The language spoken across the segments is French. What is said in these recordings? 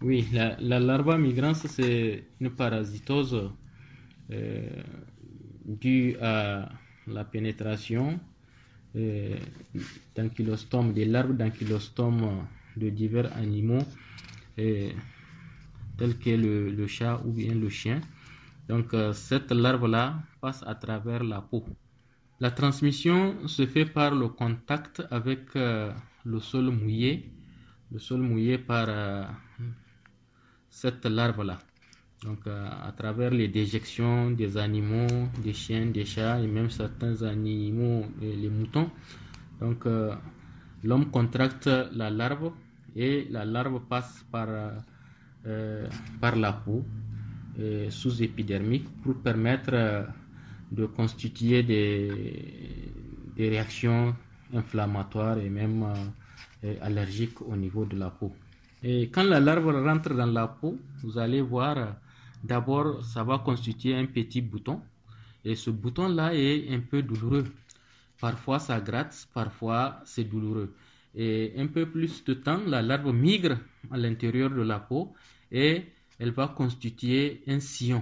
Oui, la, la larva migrans, c'est une parasitose euh, due à la pénétration euh, kilostome des larves kilostome de divers animaux, euh, tels que le, le, chat ou bien le chien. Donc, euh, cette larve-là passe à travers la peau. La transmission se fait par le contact avec le sol mouillé, le sol mouillé par cette larve-là. Donc, euh, à travers les déjections des animaux, des chiens, des chats et même certains animaux, euh, les moutons, donc euh, l'homme contracte la larve et la larve passe par, par la peau sous-épidermique pour permettre de constituer des, des, réactions inflammatoires et même allergiques au niveau de la peau. Et quand la larve rentre dans la peau, vous allez voir, euh, d'abord, ça va constituer un petit bouton. Et ce bouton-là est un peu douloureux. Parfois, ça gratte, parfois, c'est douloureux. Et un peu plus de temps, la larve migre à l'intérieur de la peau et elle va constituer un sillon.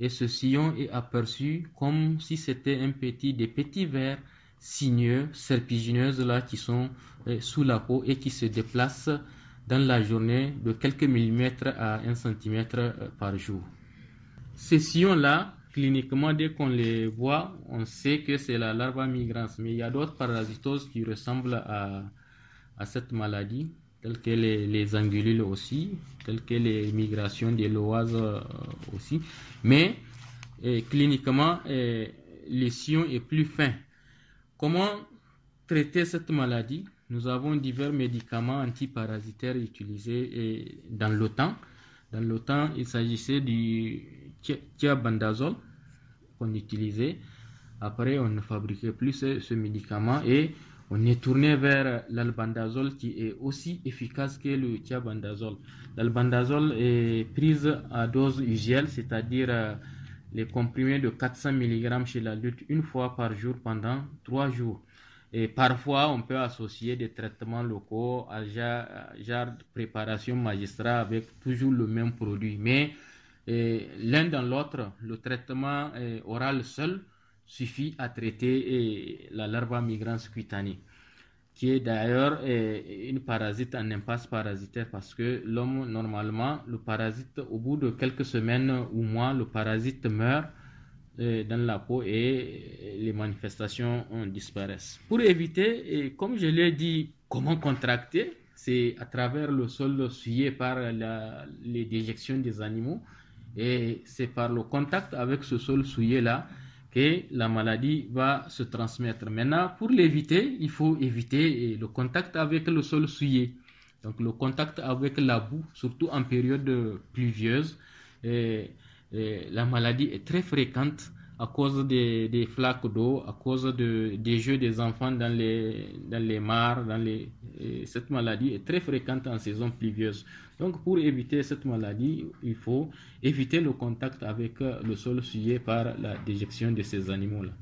Et ce sillon est aperçu comme si c'était un petit, des petits vers sinueux, serpigineuses là qui sont euh, sous la peau et qui se déplacent dans la journée de quelques millimètres à 1 cm euh, par jour. Ces sillons-là, cliniquement, dès qu'on les voit, on sait que c'est la larva migrans, mais il y a d'autres parasitoses qui ressemblent à, à cette maladie, telles que les, angulules aussi, telles que les migrations des l'oise euh, aussi. Mais cliniquement, les sillons est plus fin. Comment traiter cette maladie nous avons divers médicaments antiparasitaires utilisés dans l'OTAN. Dans l'OTAN, il s'agissait du thiabandazole qu'on utilisait. Après, on ne fabriquait plus ce, médicament et on est tourné vers l'albandazole qui est aussi efficace que le thiabandazole. L'albandazole est prise à dose usuelle, c'est-à-dire euh, les comprimés de 400 mg chez l'adulte une fois par jour pendant trois jours. Et parfois, on peut associer des traitements locaux à des de préparation magistrale avec toujours le même produit. Mais l'un dans l'autre, le traitement oral seul suffit à traiter la larva migrans cutanée, qui est d'ailleurs une parasite en impasse parasitaire parce que l'homme, normalement, le parasite, au bout de quelques semaines ou mois, le parasite meurt euh, dans la peau et les manifestations disparaissent. Pour éviter, et comme je l'ai dit, comment contracter C'est à travers le sol souillé par les déjections des animaux et c'est par le contact avec ce sol souillé-là que la maladie va se transmettre. Maintenant, pour l'éviter, il faut éviter le contact avec le sol souillé. Donc le contact avec la boue, surtout en période pluvieuse. Et la maladie est très fréquente à cause des, flaques d'eau, à cause des jeux des enfants dans les, dans les mares. cette maladie est très fréquente en saison pluvieuse. Donc pour éviter cette maladie, il faut éviter le contact avec le sol souillé par la déjection de ces animaux-là.